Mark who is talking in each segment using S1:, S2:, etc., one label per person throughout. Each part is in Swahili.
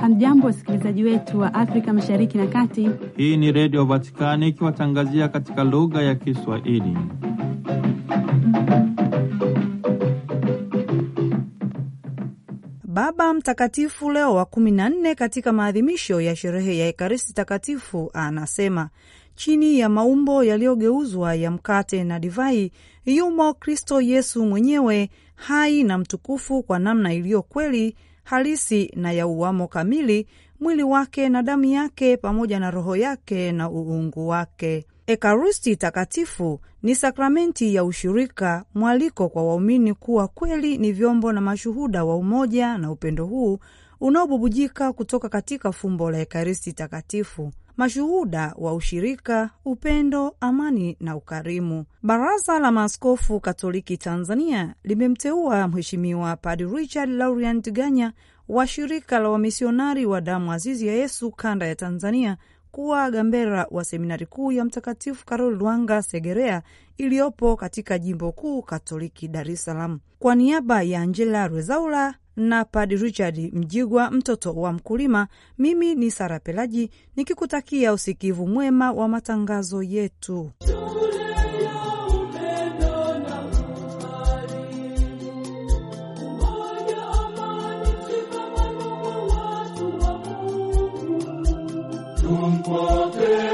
S1: Hamjambo, wasikilizaji wetu wa Afrika mashariki na kati.
S2: Hii ni Redio Vatikani ikiwatangazia katika lugha ya Kiswahili. Mm.
S3: Baba Mtakatifu Leo wa kumi na nne katika maadhimisho ya sherehe ya Ekaristi Takatifu anasema chini ya maumbo yaliyogeuzwa ya mkate na divai yumo Kristo Yesu mwenyewe hai na mtukufu kwa namna iliyo kweli halisi na ya uwamo kamili mwili wake na damu yake pamoja na roho yake na uungu wake. Ekarusti takatifu ni sakramenti ya ushirika, mwaliko kwa waumini kuwa kweli ni vyombo na mashuhuda wa umoja na upendo huu unaobubujika kutoka katika fumbo la Ekaristi takatifu mashuhuda wa ushirika, upendo, amani na ukarimu. Baraza la Maaskofu Katoliki Tanzania limemteua Mheshimiwa Padre Richard laurian Ganya wa shirika la wamisionari wa damu azizi ya Yesu kanda ya Tanzania kuwa gambera wa seminari kuu ya Mtakatifu karoli Lwanga Segerea iliyopo katika jimbo kuu Katoliki Dar es Salaam. Kwa niaba ya Angela Rwezaula na Padi Richard Mjigwa, mtoto wa mkulima. Mimi ni Sara Pelaji nikikutakia usikivu mwema wa matangazo yetu.
S4: Tumpote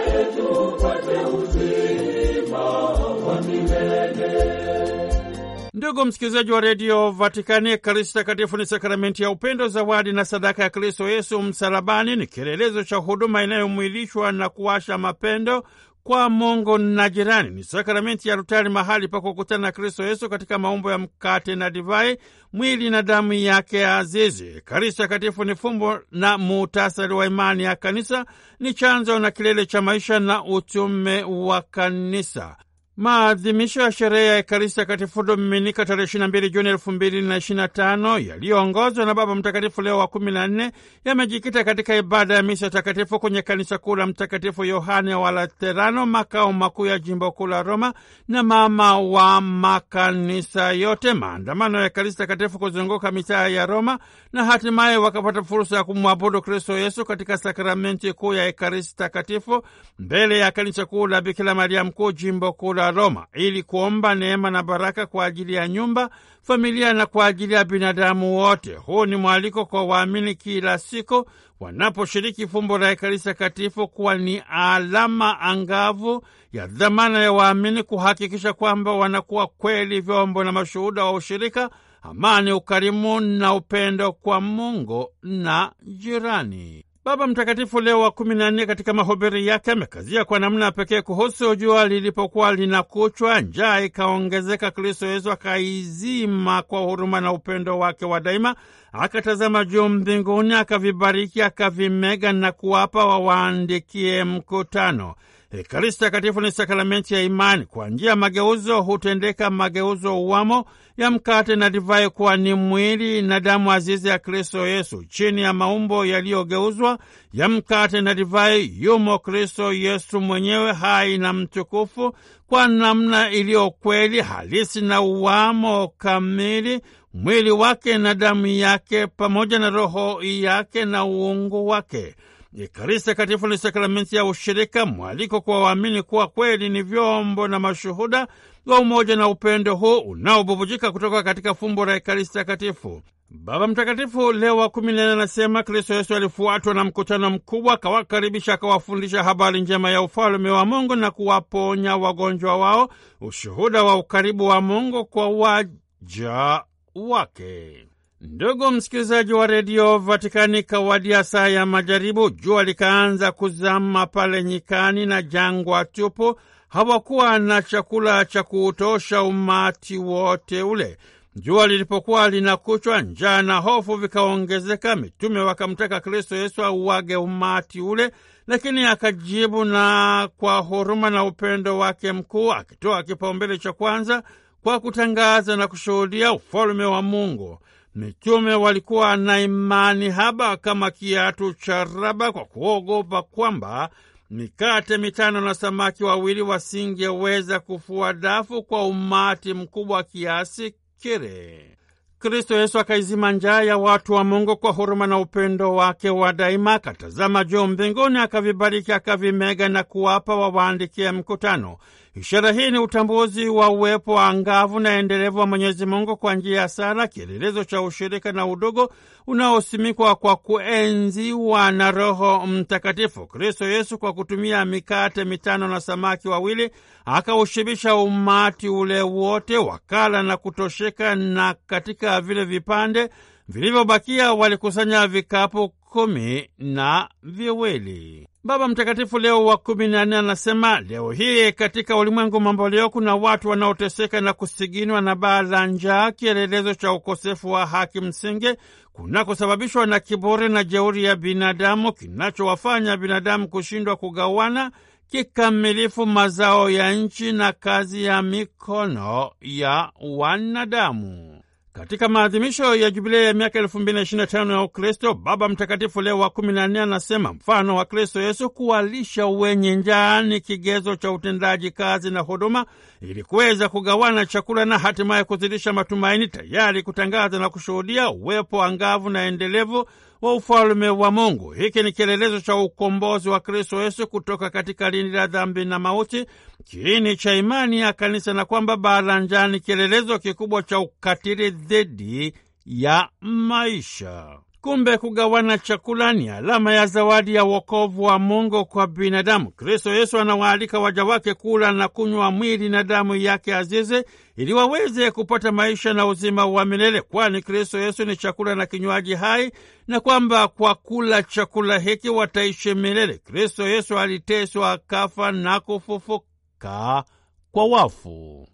S2: Ndugu msikilizaji wa redio Vatikani, Ekaristi Takatifu ni sakramenti ya upendo, zawadi na sadaka ya Kristo Yesu msalabani. Ni kielelezo cha huduma inayomwilishwa na kuwasha mapendo kwa Mungu na jirani. Ni sakramenti ya Rutari, mahali pa kukutana na Kristo Yesu katika maumbo ya mkate na divai, mwili na damu yake azizi. Ekaristi Takatifu ni fumbo na muhtasari wa imani ya Kanisa, ni chanzo na kilele cha maisha na utume wa Kanisa. Maadhimisho ya sherehe ya Ekaristi Takatifu Dominika tarehe 22 Juni 2025 yaliyoongozwa na Baba Mtakatifu Leo wa 14 yamejikita katika ibada ya misa takatifu kwenye kanisa kuu la Mtakatifu Yohane wa Laterano, makao makuu ya jimbo kuu la Roma na mama wa makanisa yote, maandamano ya Ekaristi Takatifu kuzunguka mitaa ya Roma na hatimaye wakapata fursa ya kumwabudu Kristo Yesu katika sakramenti kuu ya Ekaristi Takatifu mbele ya kanisa kuu la Bikira Maria Mkuu, jimbo kuu la la Roma ili kuomba neema na baraka kwa ajili ya nyumba, familia na kwa ajili ya binadamu wote. Huu ni mwaliko kwa waamini kila siku wanaposhiriki fumbo la Ekaristi Takatifu kuwa ni alama angavu ya dhamana ya waamini kuhakikisha kwamba wanakuwa kweli vyombo na mashuhuda wa ushirika, amani, ukarimu na upendo kwa Mungu na jirani. Baba Mtakatifu Leo wa kumi na nne katika mahubiri yake amekazia kwa namna pekee kuhusu jua lilipokuwa linakuchwa, njaa ikaongezeka, Kristo Yesu akaizima kwa huruma na upendo wake wa daima, akatazama juu mbinguni, akavibariki, akavimega na kuwapa wawaandikie mkutano. Ekaristi Takatifu ni sakramenti ya imani. Kwa njia ya mageuzo hutendeka mageuzo uwamo ya mkate na divai kuwa ni mwili na damu azizi ya Kristo Yesu. Chini ya maumbo yaliyogeuzwa ya mkate na divai yumo Kristo Yesu mwenyewe hai na mtukufu, kwa namna iliyo kweli halisi na uwamo kamili, mwili wake na damu yake pamoja na roho yake na uungu wake. Ekaristi Takatifu ni sakramenti ya ushirika, mwaliko kwa waamini kuwa kweli ni vyombo na mashuhuda wa umoja na upendo huu unaobubujika kutoka katika fumbo la Ekaristi Takatifu. Baba Mtakatifu Leo wa kumi na nne anasema Kristo Yesu alifuatwa na mkutano mkubwa, akawakaribisha, akawafundisha habari njema ya ufalume wa Mungu na kuwaponya wagonjwa wao, ushuhuda wa ukaribu wa Mungu kwa waja wake. Ndugu msikilizaji wa redio Vatikani, kawadia saa ya majaribu, jua likaanza kuzama pale nyikani na jangwa tupu. Hawakuwa na chakula cha kuutosha umati wote ule. Jua lilipokuwa linakuchwa, njaa na hofu vikaongezeka. Mitume wakamtaka Kristo Yesu auage umati ule, lakini akajibu na kwa huruma na upendo wake mkuu, akitoa kipaumbele cha kwanza kwa kutangaza na kushuhudia ufalume wa Mungu. Mitume walikuwa na imani haba kama kiatu cha raba, kwa kuogopa kwamba mikate mitano na samaki wawili wasingeweza kufua dafu kwa umati mkubwa kiasi kile. Kristo Yesu akaizima njaa ya watu wa Mungu kwa huruma na upendo wake wa daima. Akatazama juu mbinguni, akavibariki, akavimega na kuwapa wawaandikie mkutano. Ishara hii ni utambuzi wa uwepo angavu na endelevu wa Mwenyezi Mungu kwa njia ya sala, kielelezo cha ushirika na udogo unaosimikwa kwa kuenziwa na Roho Mtakatifu. Kristo Yesu kwa kutumia mikate mitano na samaki wawili akaushibisha umati ule wote, wakala na kutosheka, na katika vile vipande vilivyobakia walikusanya vikapu kumi na viwili. Baba Mtakatifu Leo wa kumi na nne anasema leo hii katika ulimwengu mambo leo, kuna watu wanaoteseka na kusiginwa na baa la njaa, kielelezo cha ukosefu wa haki msingi kunakosababishwa na kiburi na jeuri ya binadamu, kinachowafanya binadamu kushindwa kugawana kikamilifu mazao ya nchi na kazi ya mikono ya wanadamu. Katika maadhimisho ya jubilei ya miaka 225 ya Ukristo, Baba Mtakatifu Leo wa 14 anasema mfano wa Kristo Yesu kuwalisha wenye njaa ni kigezo cha utendaji kazi na huduma, ili kuweza kugawana chakula na hatimaye kuzidisha matumaini, tayari kutangaza na kushuhudia uwepo angavu na endelevu wa ufalume wa Mungu. Hiki ni kielelezo cha ukombozi wa Kristo Yesu kutoka katika lindi la dhambi na mauti, kiini cha imani ya kanisa, na kwamba ni kielelezo kikubwa cha ukatili dhidi ya maisha. Kumbe kugawana chakula ni alama ya zawadi ya wokovu wa Mungu kwa binadamu. Kristo Yesu anawaalika waja wake kula na kunywa mwili na damu yake azizi, ili waweze kupata maisha na uzima wa milele, kwani Kristo Yesu ni chakula na kinywaji hai, na kwamba kwa kula chakula hiki wataishi milele. Kristo Yesu aliteswa, akafa na kufufuka kwa wafu.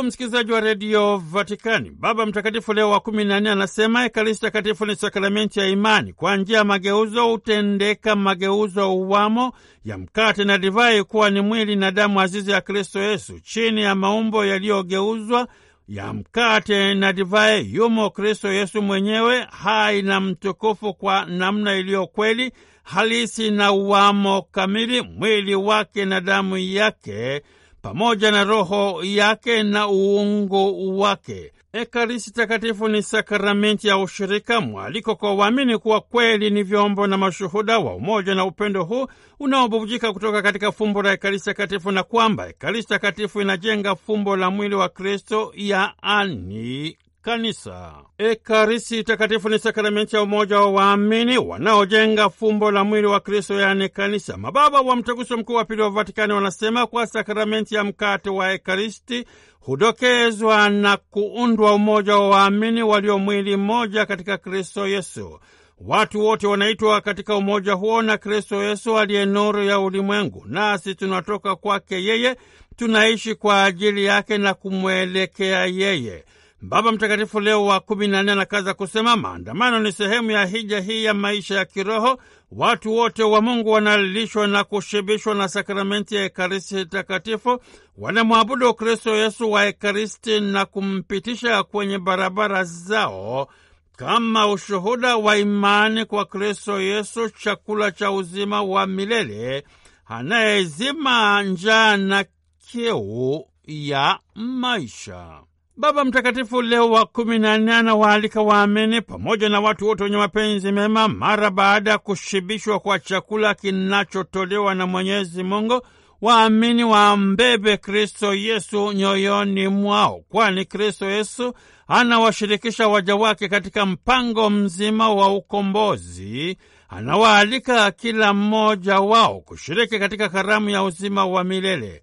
S2: Ndugu msikilizaji wa redio Vatikani, Baba Mtakatifu Leo wa kumi na nne anasema Ekaristi Takatifu ni sakramenti ya imani. Kwa njia ya mageuzo hutendeka mageuzo uwamo ya mkate na divai kuwa ni mwili na damu azizi ya Kristo Yesu. Chini ya maumbo yaliyogeuzwa ya mkate na divai yumo Kristo Yesu mwenyewe hai na mtukufu, kwa namna iliyo kweli halisi na uwamo kamili, mwili wake na damu yake pamoja na roho yake na uungu wake. Ekaristi Takatifu ni sakramenti ya ushirika, mwaliko kwa waamini kuwa kweli ni vyombo na mashuhuda wa umoja na upendo huu unaobubujika kutoka katika fumbo la Ekaristi Takatifu, na kwamba Ekaristi Takatifu inajenga fumbo la mwili wa Kristo, yaani kanisa. Ekaristi takatifu ni sakramenti ya umoja wa waamini wanaojenga fumbo la mwili wa Kristo, yaani kanisa. Mababa wa Mtaguso Mkuu wa Pili wa Vatikani wanasema kwa sakramenti ya mkate wa Ekaristi hudokezwa na kuundwa umoja wa waamini walio mwili mmoja katika Kristo Yesu. Watu wote wanaitwa katika umoja huo na Kristo Yesu aliye nuru ya ulimwengu, nasi tunatoka kwake yeye, tunaishi kwa ajili yake na kumwelekea yeye. Baba Mtakatifu Leo wa kumi na nne anakaza kusema maandamano ni sehemu ya hija hii ya maisha ya kiroho. Watu wote wa Mungu wanalilishwa na kushibishwa na sakramenti ya Ekaristi Takatifu, wanamwabudu Kristo Yesu wa Ekaristi na kumpitisha kwenye barabara zao kama ushuhuda wa imani kwa Kristo Yesu, chakula cha uzima wa milele, anayezima njaa na kiu ya maisha. Baba Mtakatifu Leo wa kumi na nne anawaalika waamini pamoja na watu wote wenye mapenzi mema, mara baada ya kushibishwa kwa chakula kinachotolewa na Mwenyezi Mungu, waamini wambebe Kristo Yesu nyoyoni mwao, kwani Kristo Yesu anawashirikisha waja wake katika mpango mzima wa ukombozi. Anawaalika kila mmoja wao kushiriki katika karamu ya uzima wa milele.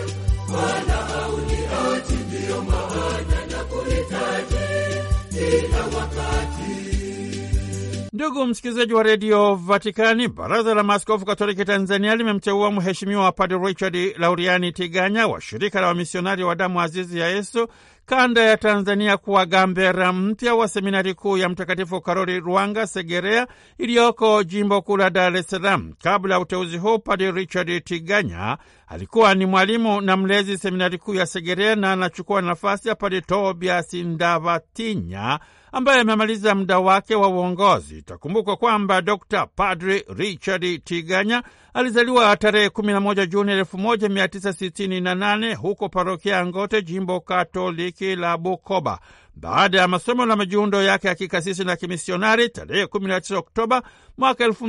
S4: kila wakati
S2: Ndugu msikilizaji wa redio Vatikani, baraza la maaskofu katoliki Tanzania limemteua mheshimiwa Padre Richard Lauriani Tiganya wa shirika la wamisionari wa damu azizi ya Yesu kanda ya Tanzania kuwa gambera mpya wa seminari kuu ya Mtakatifu Karoli Rwanga Segerea iliyoko jimbo kuu la Dar es Salaam. Kabla ya uteuzi huu, Padre Richard Tiganya alikuwa ni mwalimu na mlezi seminari kuu ya Segerea na anachukua nafasi ya Padre Tobias Ndavatinya ambaye amemaliza muda wake wa uongozi. Itakumbukwa kwamba Dr Padri Richard Tiganya alizaliwa tarehe 11 Juni 1968 huko parokia ya Ngote, jimbo katoliki la Bukoba. Baada ya masomo na majiundo yake ya kikasisi na kimisionari, tarehe 19 Oktoba mwaka elfu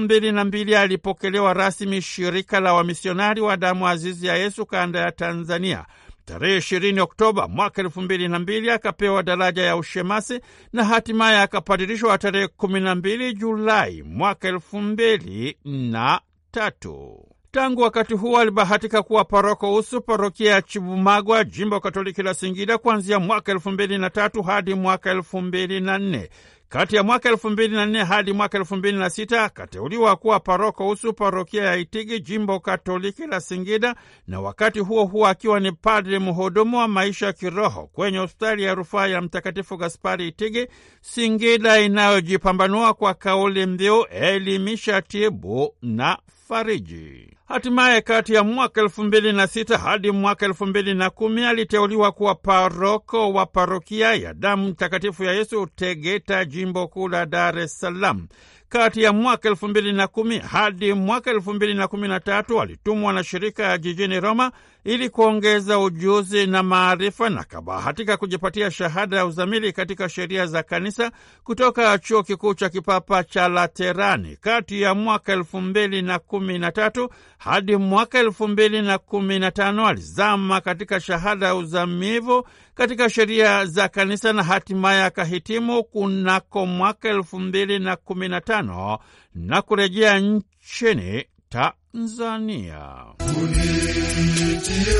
S2: alipokelewa rasmi shirika la wamisionari wa damu azizi ya Yesu kanda ya Tanzania. Tarehe ishirini Oktoba mwaka elfu mbili na mbili akapewa daraja ya ushemasi na hatimaye akapadirishwa tarehe 12 Julai mwaka elfu mbili na tatu. Tangu wakati huo alibahatika kuwa paroko usu parokia ya Chibumagwa, jimbo Katoliki la Singida, kuanzia mwaka elfu mbili na tatu hadi mwaka elfu mbili na nne. Kati ya mwaka elfu mbili na nne hadi mwaka elfu mbili na sita akateuliwa kuwa paroko usu parokia ya Itigi, jimbo katoliki la Singida, na wakati huo huo akiwa ni padri mhudumu wa maisha ya kiroho kwenye hospitali ya rufaa ya Mtakatifu Gaspari Itigi, Singida, inayojipambanua kwa kauli mbiu elimisha, tibu na fariji. Hatimaye, kati ya mwaka elfu mbili na sita hadi mwaka elfu mbili na kumi aliteuliwa kuwa paroko wa parokia ya damu mtakatifu ya Yesu Tegeta, jimbo kuu la Dar es Salaam. Kati ya mwaka elfu mbili na kumi hadi mwaka elfu mbili na kumi na tatu alitumwa na shirika jijini Roma ili kuongeza ujuzi na maarifa na kabahatika kujipatia shahada ya uzamili katika sheria za kanisa kutoka chuo kikuu cha kipapa cha Laterani. Kati ya mwaka elfu mbili na kumi na tatu hadi mwaka elfu mbili na kumi na tano alizama katika shahada ya uzamivu katika sheria za kanisa na hatimaye akahitimu kunako mwaka elfu mbili na kumi na tano na kurejea nchini ta Tanzania. Unitie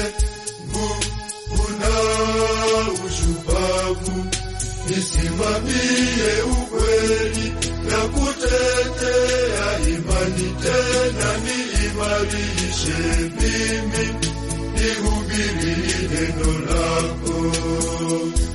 S2: nguvu na ushupavu, nisimamie
S4: ukweli na kutetea imani, tena niimarishe mimi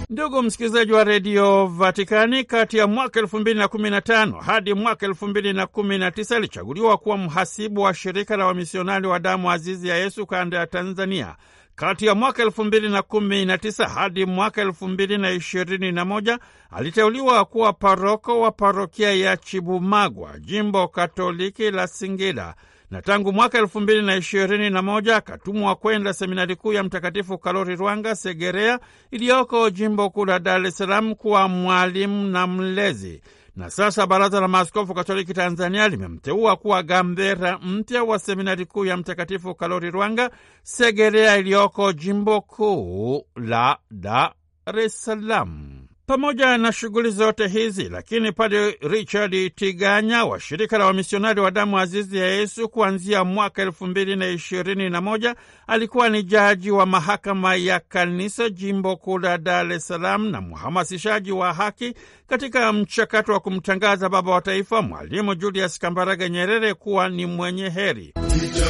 S2: Ndugu msikilizaji wa redio Vatikani, kati ya mwaka elfu mbili na kumi na tano hadi mwaka elfu mbili na kumi na tisa alichaguliwa kuwa mhasibu wa shirika la wamisionari wa damu azizi ya Yesu kanda ya Tanzania. Kati ya mwaka elfu mbili na kumi na tisa hadi mwaka elfu mbili na ishirini na moja aliteuliwa kuwa paroko wa parokia ya Chibumagwa, jimbo katoliki la Singida na tangu mwaka elfu mbili na ishirini na moja akatumwa kwenda seminari kuu ya Mtakatifu Kalori Rwanga Segerea iliyoko jimbo kuu la Dar es Salaam kuwa mwalimu na mlezi na sasa Baraza la Maaskofu Katoliki Tanzania limemteua kuwa gambera mpya wa seminari kuu ya Mtakatifu Kalori Rwanga Segerea iliyoko jimbo kuu la Dar es Salaam. Pamoja na shughuli zote hizi lakini, Padre Richard Tiganya wa shirika la wamisionari wa damu azizi ya Yesu kuanzia mwaka elfu mbili na ishirini na moja alikuwa ni jaji wa mahakama ya kanisa jimbo kuu la Dar es Salaam na mhamasishaji wa haki katika mchakato wa kumtangaza baba wa taifa Mwalimu Julius Kambarage Nyerere kuwa ni mwenye heri Italie,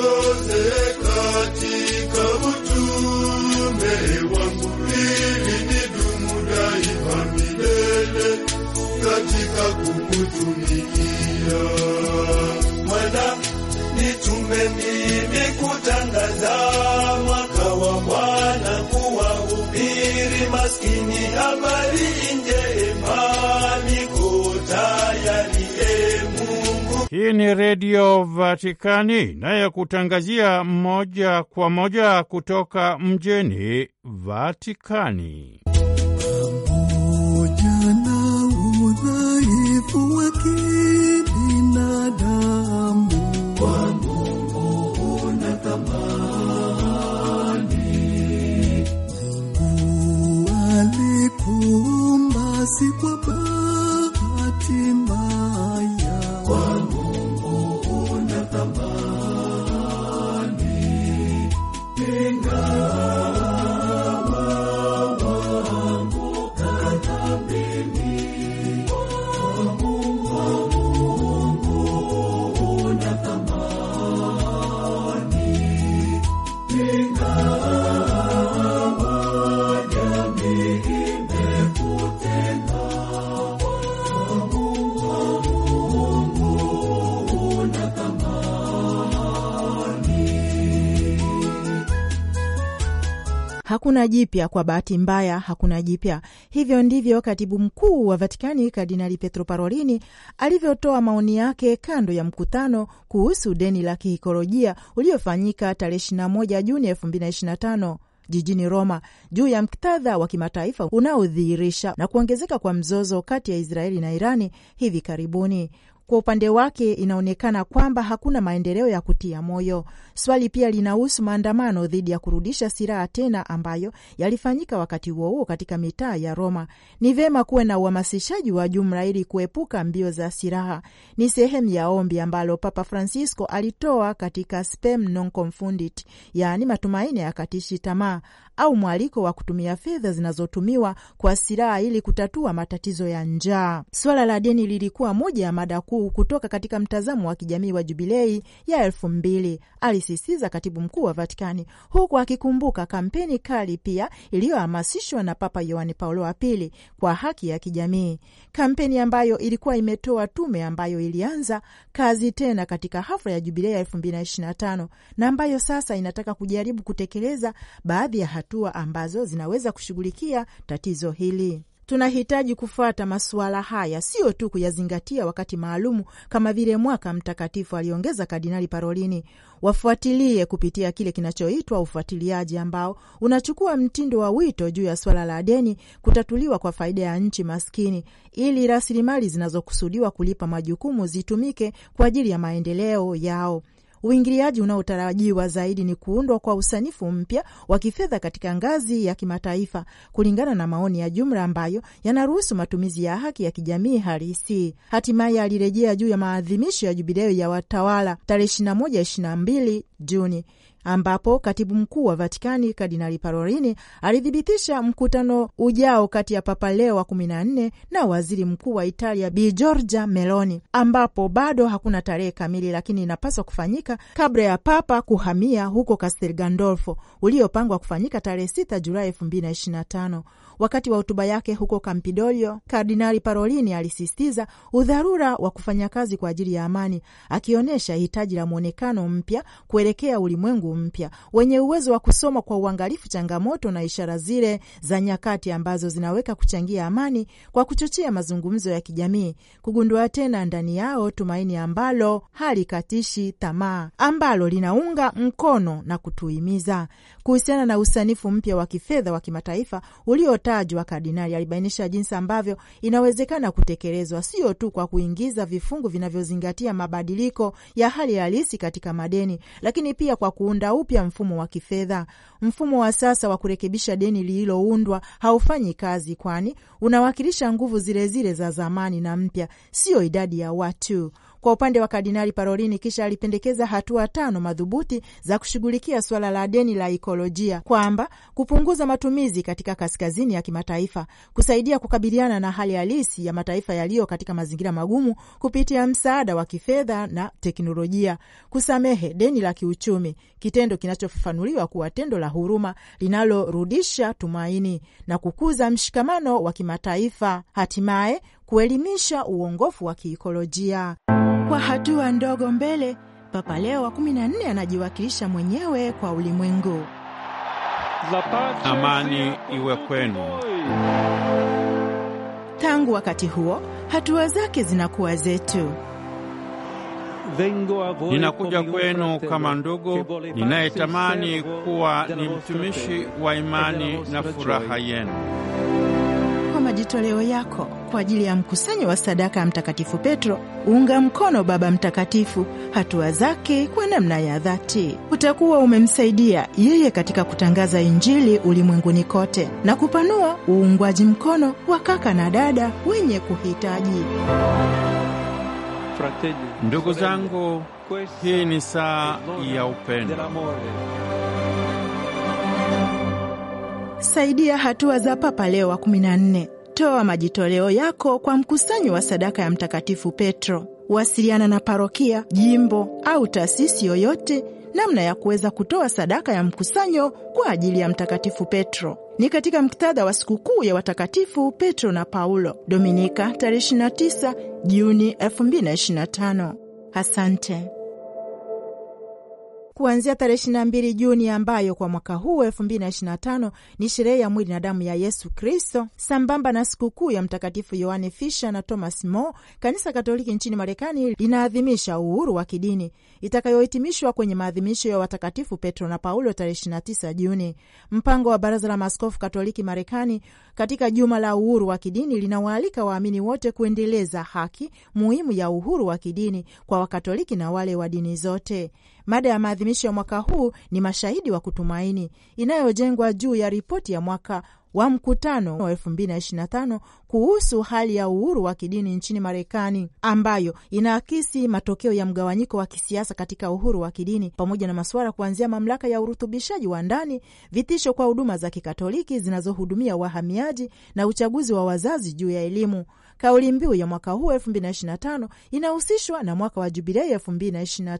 S4: niongoze katika utume wangu, ili nidumu daima milele katika kukutumikia. Mwana, nitume mimi kutangaza mwaka wa Bwana, kuwahubiri maskini habari
S2: Hii ni Redio Vatikani inayokutangazia moja kwa moja kutoka mjini Vatikani.
S1: hakuna jipya. Kwa bahati mbaya, hakuna jipya. Hivyo ndivyo katibu mkuu wa Vatikani Kardinali Petro Parolini alivyotoa maoni yake kando ya mkutano kuhusu deni la kihikolojia uliofanyika tarehe 21 Juni 2025 jijini Roma juu ya mktadha wa kimataifa unaodhihirisha na kuongezeka kwa mzozo kati ya Israeli na Irani hivi karibuni. Kwa upande wake inaonekana kwamba hakuna maendeleo ya kutia moyo. Swali pia linahusu maandamano dhidi ya kurudisha silaha tena ambayo yalifanyika wakati huo huo katika mitaa ya Roma. Ni vema kuwe na uhamasishaji wa jumla ili kuepuka mbio za silaha. Ni sehemu ya ombi ambalo Papa Francisco alitoa katika Spem non confundit, yaani matumaini hayakatishi tamaa, au mwaliko wa kutumia fedha zinazotumiwa kwa silaha ili kutatua matatizo ya njaa. Swala la deni lilikuwa moja ya mada kuu mkuu kutoka katika mtazamo wa kijamii wa jubilei ya elfu mbili, alisisitiza katibu mkuu wa Vatikani, huku akikumbuka kampeni kali pia iliyohamasishwa na Papa yoani Paulo wa Pili kwa haki ya kijamii, kampeni ambayo ilikuwa imetoa tume ambayo ilianza kazi tena katika hafla ya jubilei ya elfu mbili na ishirini na tano na ambayo sasa inataka kujaribu kutekeleza baadhi ya hatua ambazo zinaweza kushughulikia tatizo hili tunahitaji kufuata masuala haya, sio tu kuyazingatia wakati maalumu kama vile mwaka mtakatifu, aliongeza Kardinali Parolini. Wafuatilie kupitia kile kinachoitwa ufuatiliaji, ambao unachukua mtindo wa wito juu ya swala la deni kutatuliwa kwa faida ya nchi maskini, ili rasilimali zinazokusudiwa kulipa majukumu zitumike kwa ajili ya maendeleo yao. Uingiliaji unaotarajiwa zaidi ni kuundwa kwa usanifu mpya wa kifedha katika ngazi ya kimataifa kulingana na maoni ya jumla ambayo yanaruhusu matumizi ya haki ya kijamii halisi. Hatimaye alirejea juu ya maadhimisho ya jubileo ya watawala tarehe 21 22 Juni ambapo katibu mkuu wa Vatikani Kardinali Parolini alithibitisha mkutano ujao kati ya Papa Leo wa kumi na nne na waziri mkuu wa Italia Bi Giorgia Meloni, ambapo bado hakuna tarehe kamili, lakini inapaswa kufanyika kabla ya Papa kuhamia huko Castel Gandolfo uliopangwa kufanyika tarehe 6 Julai 2025. Wakati wa hotuba yake huko Campidoglio, Kardinali Parolini alisisitiza udharura wa kufanya kazi kwa ajili ya amani, akionyesha hitaji la mwonekano mpya kuelekea ulimwengu mpya, wenye uwezo wa kusoma kwa uangalifu changamoto na ishara zile za nyakati ambazo zinaweka kuchangia amani kwa kuchochea mazungumzo ya kijamii, kugundua tena ndani yao tumaini ambalo halikatishi tamaa, ambalo linaunga mkono na kutuhimiza. Kuhusiana na usanifu mpya wa kifedha wa kimataifa uliotajwa, Kardinali alibainisha jinsi ambavyo inawezekana kutekelezwa sio tu kwa kuingiza vifungu vinavyozingatia mabadiliko ya hali halisi katika madeni, lakini pia kwa kuunda kuunda upya mfumo wa kifedha. Mfumo wa sasa wa kurekebisha deni lililoundwa haufanyi kazi, kwani unawakilisha nguvu zile zile za zamani na mpya, siyo idadi ya watu kwa upande wa Kardinali Parolini. Kisha alipendekeza hatua tano madhubuti za kushughulikia suala la deni la ikolojia, kwamba kupunguza matumizi katika kaskazini ya kimataifa, kusaidia kukabiliana na hali halisi ya mataifa yaliyo katika mazingira magumu kupitia msaada wa kifedha na teknolojia, kusamehe deni la kiuchumi, kitendo kinachofafanuliwa kuwa tendo la huruma linalorudisha tumaini na kukuza mshikamano wa kimataifa, hatimaye kuelimisha uongofu wa kiikolojia. Kwa hatua ndogo mbele, Papa Leo wa 14 anajiwakilisha mwenyewe kwa ulimwengu.
S2: Amani iwe kwenu.
S1: Tangu wakati huo, hatua zake zinakuwa zetu.
S2: Ninakuja kwenu kama ndugu ninayetamani kuwa ni mtumishi wa imani na furaha yenu
S1: majitoleo yako kwa ajili ya mkusanyo wa sadaka ya Mtakatifu Petro, unga mkono Baba Mtakatifu hatua zake kwa namna ya dhati. Utakuwa umemsaidia yeye katika kutangaza Injili ulimwenguni kote na kupanua uungwaji mkono wa kaka na dada wenye kuhitaji.
S2: Ndugu zangu, hii ni saa ya upendo.
S1: Saidia hatua za Papa Leo wa 14 Toa majitoleo yako kwa mkusanyo wa sadaka ya Mtakatifu Petro. Wasiliana na parokia, jimbo au taasisi yoyote. Namna ya kuweza kutoa sadaka ya mkusanyo kwa ajili ya Mtakatifu Petro ni katika muktadha wa sikukuu ya watakatifu Petro na Paulo, Dominika tarehe 29 Juni 2025. Asante kuanzia tarehe ishirini na mbili Juni ambayo kwa mwaka huu elfu mbili na na tano ni sherehe ya mwili na damu ya Yesu Kristo sambamba na sikukuu ya Mtakatifu Yohane Fisher na Thomas More, Kanisa Katoliki nchini Marekani linaadhimisha uhuru wa kidini itakayohitimishwa kwenye maadhimisho ya watakatifu Petro na Paulo tarehe 29 Juni. Mpango wa Baraza la Maaskofu Katoliki Marekani katika juma la uhuru wa kidini linawaalika waamini wote kuendeleza haki muhimu ya uhuru wa kidini kwa Wakatoliki na wale wa dini zote. Mada ya maadhimisho ya mwaka huu ni mashahidi wa kutumaini, inayojengwa juu ya ripoti ya mwaka wa mkutano wa 2025 kuhusu hali ya uhuru wa kidini nchini Marekani, ambayo inaakisi matokeo ya mgawanyiko wa kisiasa katika uhuru wa kidini pamoja na masuala kuanzia mamlaka ya urutubishaji wa ndani, vitisho kwa huduma za kikatoliki zinazohudumia wahamiaji na uchaguzi wa wazazi juu ya elimu. Kauli mbiu ya mwaka huu tano inahusishwa na mwaka wa jubilei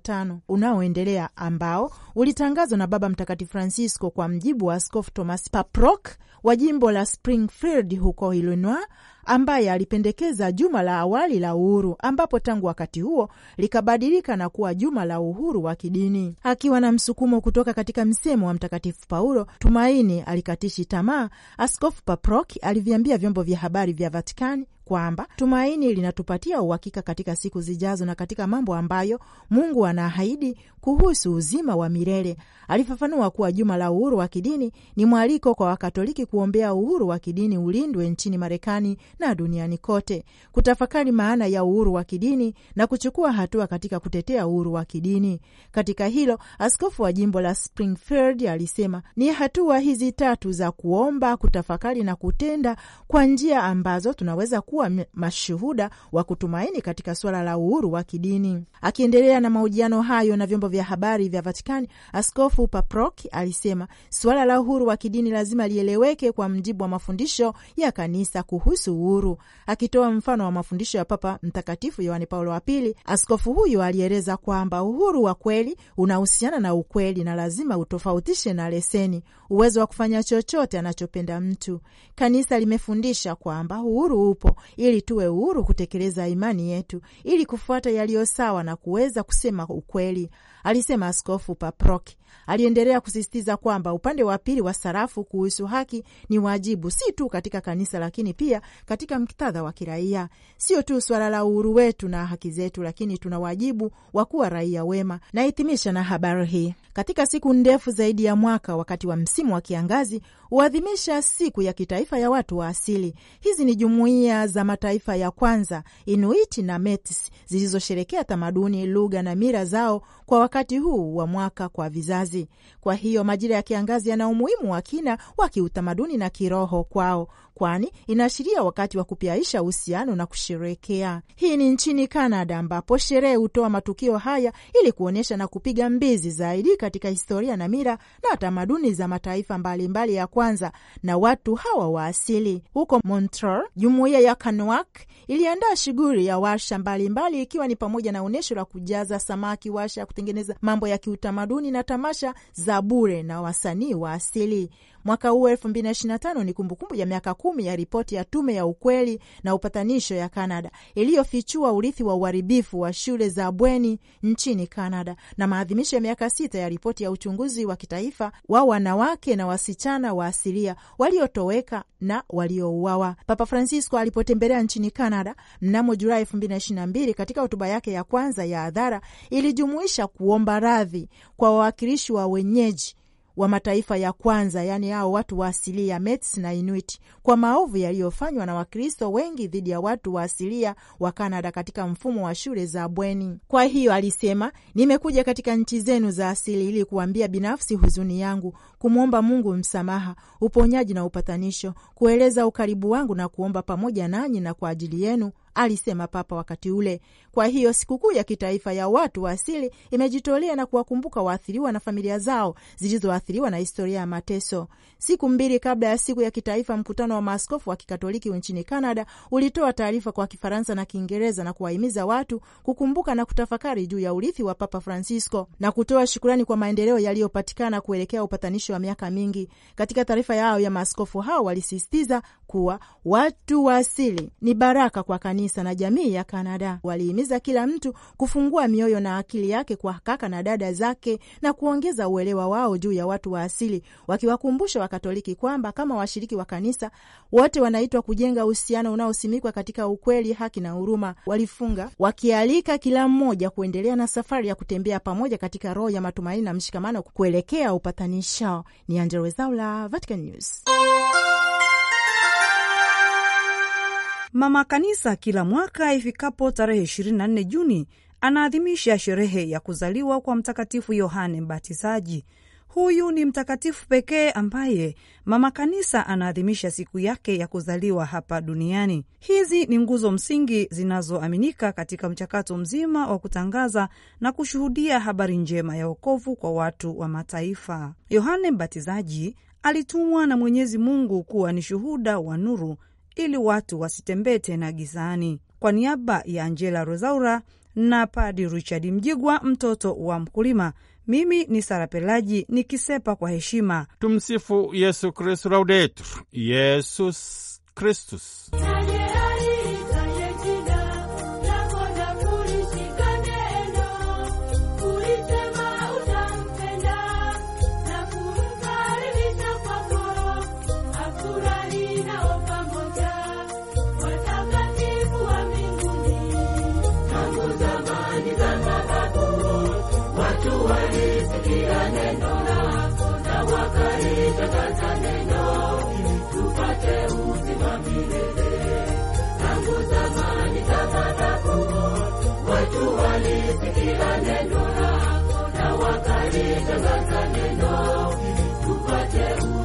S1: tano unaoendelea ambao ulitangazwa na Baba Mtakatifu Francisco kwa mjibu wa Askofu Thomas Paprock wa jimbo la Springfield huko Illinois ambaye alipendekeza juma la awali la uhuru ambapo tangu wakati huo likabadilika na kuwa juma la uhuru wa kidini. Akiwa na msukumo kutoka katika msemo wa Mtakatifu Paulo, tumaini alikatishi tamaa, Askofu Paprock aliviambia vyombo vya habari vya Vatikani kwamba tumaini linatupatia uhakika katika siku zijazo na katika mambo ambayo Mungu anaahidi kuhusu uzima wa milele. Alifafanua kuwa juma la uhuru wa kidini ni mwaliko kwa Wakatoliki kuombea uhuru wa kidini ulindwe nchini Marekani na duniani kote, kutafakari maana ya uhuru wa kidini na kuchukua hatua katika kutetea uhuru wa kidini. Katika hilo, askofu wa jimbo la Springfield alisema ni hatua hizi tatu za kuomba, kutafakari na kutenda kwa njia ambazo tunaweza kuwa kuwa mashuhuda wa kutumaini katika suala la uhuru wa kidini. Akiendelea na mahojiano hayo na vyombo vya habari vya Vatikani, Askofu Paprok alisema suala la uhuru wa kidini lazima lieleweke kwa mjibu wa mafundisho ya kanisa kuhusu uhuru. Akitoa mfano wa mafundisho ya Papa Mtakatifu Yohane Paulo wa Pili, askofu huyo alieleza kwamba uhuru wa kweli unahusiana na ukweli na lazima utofautishe na leseni, uwezo wa kufanya chochote anachopenda mtu. Kanisa limefundisha kwamba uhuru upo ili tuwe huru kutekeleza imani yetu ili kufuata yaliyo sawa na kuweza kusema ukweli, alisema Askofu Paproki. Aliendelea kusisitiza kwamba upande wa pili wa sarafu kuhusu haki ni wajibu si tu katika kanisa, lakini pia katika mktadha wa kiraia. Sio tu swala la uhuru wetu na haki zetu, lakini tuna wajibu wa kuwa raia wema. Nahitimisha na habari hii katika siku ndefu zaidi ya mwaka wakati wa msimu wa kiangazi huadhimisha siku ya kitaifa ya watu wa asili. Hizi ni jumuiya za mataifa ya kwanza Inuiti na Metis zilizosherekea tamaduni, lugha na mira zao kwa wakati huu wa mwaka kwa vizazi. Kwa hiyo majira ya kiangazi yana umuhimu wa kina wa kiutamaduni na kiroho kwao, kwani inaashiria wakati wa kupiaisha uhusiano na kusherekea. Hii ni nchini canada ambapo sherehe hutoa matukio haya ili kuonyesha na kupiga mbizi zaidi katika historia na mira na tamaduni za mataifa mbalimbali mbali ya kwanza na watu hawa wa asili. Huko Montreal, jumuiya ya Kanuak iliandaa shughuli ya warsha mbalimbali, ikiwa ni pamoja na onyesho la kujaza samaki, warsha ya kutengeneza mambo ya kiutamaduni na tamasha za bure na wasanii wa asili. Mwaka huu 2025 ni kumbukumbu ya miaka kumi ya ripoti ya tume ya ukweli na upatanisho ya Kanada iliyofichua urithi wa uharibifu wa shule za bweni nchini Kanada na maadhimisho ya miaka sita ya ripoti ya uchunguzi wa kitaifa wa wanawake na wasichana wa asilia waliotoweka na waliouawa. Papa Francisco alipotembelea nchini Kanada mnamo Julai 2022, katika hotuba yake ya kwanza ya hadhara ilijumuisha kuomba radhi kwa wawakilishi wa wenyeji wa mataifa ya kwanza, yaani hao watu wa asilia Mets na Inuit, kwa maovu yaliyofanywa na Wakristo wengi dhidi ya watu wa asilia wa Kanada katika mfumo wa shule za bweni. Kwa hiyo alisema, nimekuja katika nchi zenu za asili ili kuambia binafsi huzuni yangu, kumwomba Mungu msamaha, uponyaji na upatanisho, kueleza ukaribu wangu na kuomba pamoja nanyi na kwa ajili yenu alisema Papa wakati ule. Kwa hiyo sikukuu ya kitaifa ya watu wa asili imejitolea na kuwakumbuka waathiriwa na familia zao zilizoathiriwa na historia ya mateso. Siku mbili kabla ya siku ya kitaifa, mkutano wa maaskofu wa kikatoliki nchini canada ulitoa taarifa kwa Kifaransa na Kiingereza na kuwahimiza watu kukumbuka na kutafakari juu ya urithi wa Papa Francisco na kutoa shukurani kwa maendeleo yaliyopatikana kuelekea upatanisho wa miaka mingi. Katika taarifa yao ya maaskofu hao walisisitiza kuwa watu wa asili ni baraka kwa kanisa kanisa na jamii ya Kanada. Walihimiza kila mtu kufungua mioyo na akili yake kwa kaka na dada zake na kuongeza uelewa wao juu ya watu wa asili, wakiwakumbusha Wakatoliki kwamba kama washiriki wa kanisa wote wanaitwa kujenga uhusiano unaosimikwa katika ukweli, haki na huruma. Walifunga wakialika kila mmoja kuendelea na safari ya kutembea pamoja katika roho ya matumaini na mshikamano kuelekea upatanisho. Ni Angella Rwezaula, Vatican News.
S3: Mama Kanisa kila mwaka ifikapo tarehe 24 Juni anaadhimisha sherehe ya kuzaliwa kwa Mtakatifu Yohane Mbatizaji. Huyu ni mtakatifu pekee ambaye Mama Kanisa anaadhimisha siku yake ya kuzaliwa hapa duniani. Hizi ni nguzo msingi zinazoaminika katika mchakato mzima wa kutangaza na kushuhudia habari njema ya wokovu kwa watu wa mataifa. Yohane Mbatizaji alitumwa na Mwenyezi Mungu kuwa ni shuhuda wa nuru ili watu wasitembee tena gizani. Kwa niaba ya Angela Rozaura na Padi Richard Mjigwa, mtoto wa mkulima, mimi ni Sara Pelaji nikisepa kwa heshima.
S2: Tumsifu Yesu Kristu, Laudetur Yesus Kristus.
S4: kila neno lako na wakaribisha neno tupate